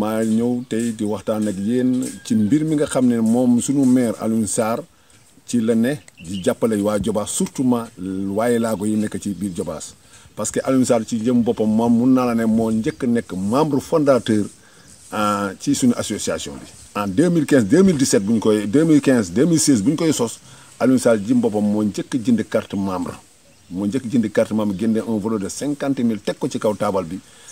maa ñëw tey di waxtaan ak yéen ci mbir mi nga xam ne moom suñu maire Alioune Sarr ci la ne di jàppale waa Jobaas surtout ma waaye laago yi nekk ci biir Jobaas parce que Alioune ci jëm boppam moom mun naa ne moo njëkk nekk membre fondateur ah, ci suñu association bi. en 2015 2017 bu ñu koy 2015 2016 bu ñu koy sos Alioune Sarr jëm moo njëkk jënd carte membre moo njëkk jënd carte membre génne un volet de cinquante mille teg ko ci kaw taabal bi.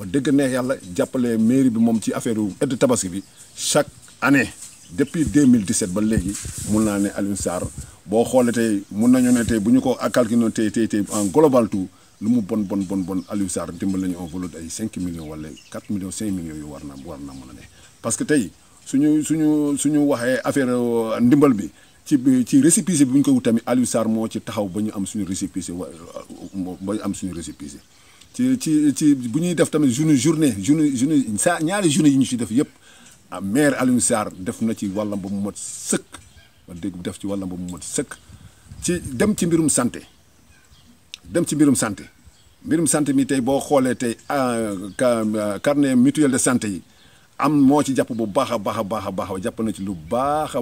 wax dëgg neex yàlla jàppale mairie bi moom ci affaire aide tabaski bi chaque année depuis 2017 ba léegi mun naa ne Alioune Sarr boo xoolee tey mun nañu ne ko calculé tey tey tey en global tout lu mu bon bon bon bon Alioune Sarr dimbali nañu en ay 5 millions wala 4 millions 5 millions yu warna warna war na parce que tey suñu suñu suñu waxee affaire euh, ndimbal bi ci ci récépissé bi bu ñu ko wut tamit Alioune Sarr moo ci taxaw ba am suñu récépissé wa euh, ba am suñu récépissé def journée journée journée journée ñaari journée yi ñu ci def ah, maire Alioune Sarr def na ci wàllam ba mu mot sëkk wax dëgg def ci wàllam ba mu mot sëkk ci dem ci mbirum santé dem ci mbirum santé mbirum santé mi tey boo xoolee tey ah, carnet mutuel de santé yi am moo ci jàpp bu baax a baax a baax a baax na ci lu baax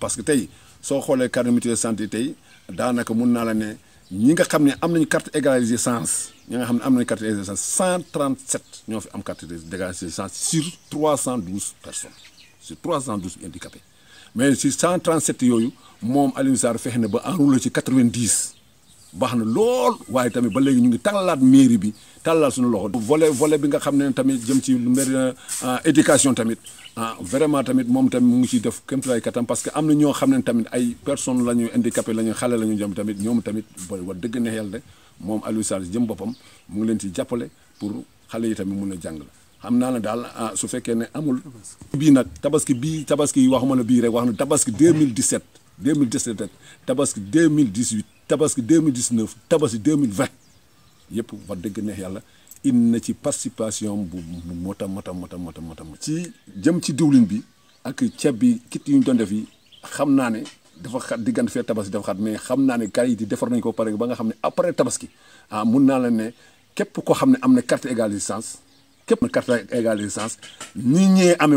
parce que tey soo xoolee carnet mutuel de santé yi tey daanaka mun nous avons une carte d'égalité nous avons une carte d'égalité 137 nous avons am carte sur 312 personnes sur 312 handicapés mais sur 137 nous avons 90. baax na lool waaye tamit ba léegi ñu ngi tàllalaat mairie bi tàllal suñu loxo. volet volet bi nga xam ne tamit jëm ci lu mel euh, éducation tamit ah vraiment tamit moom tamit mu ngi ciy def kéem tolluwaay parce que am na ñoo xam ne tamit ay personnes la ñu handicapé la ñu xale la ñu jëm tamit ñoom tamit booy wax dëgg ne yàlla de moom Aliou Sall jëm boppam mu ngi leen ci jàppale pour xale yi tamit mun a jàng la xam naa ne daal ah, su fekkee ne amul. bii nag tabaski bii tabaski waxuma la bii rek wax na tabaski 2017 2017 rek tabaski 2018. tabaski 2019 tabaski 2020 il wa deug neex yalla ci participation bu mota mota mota mota mota ci jëm ci diwlin bi ak bi kit ne dafa xat tabaski dafa xat mais xamna ne di defar nañ ko tabaski ah la ne képp ko carte égale licence carte égale licence ni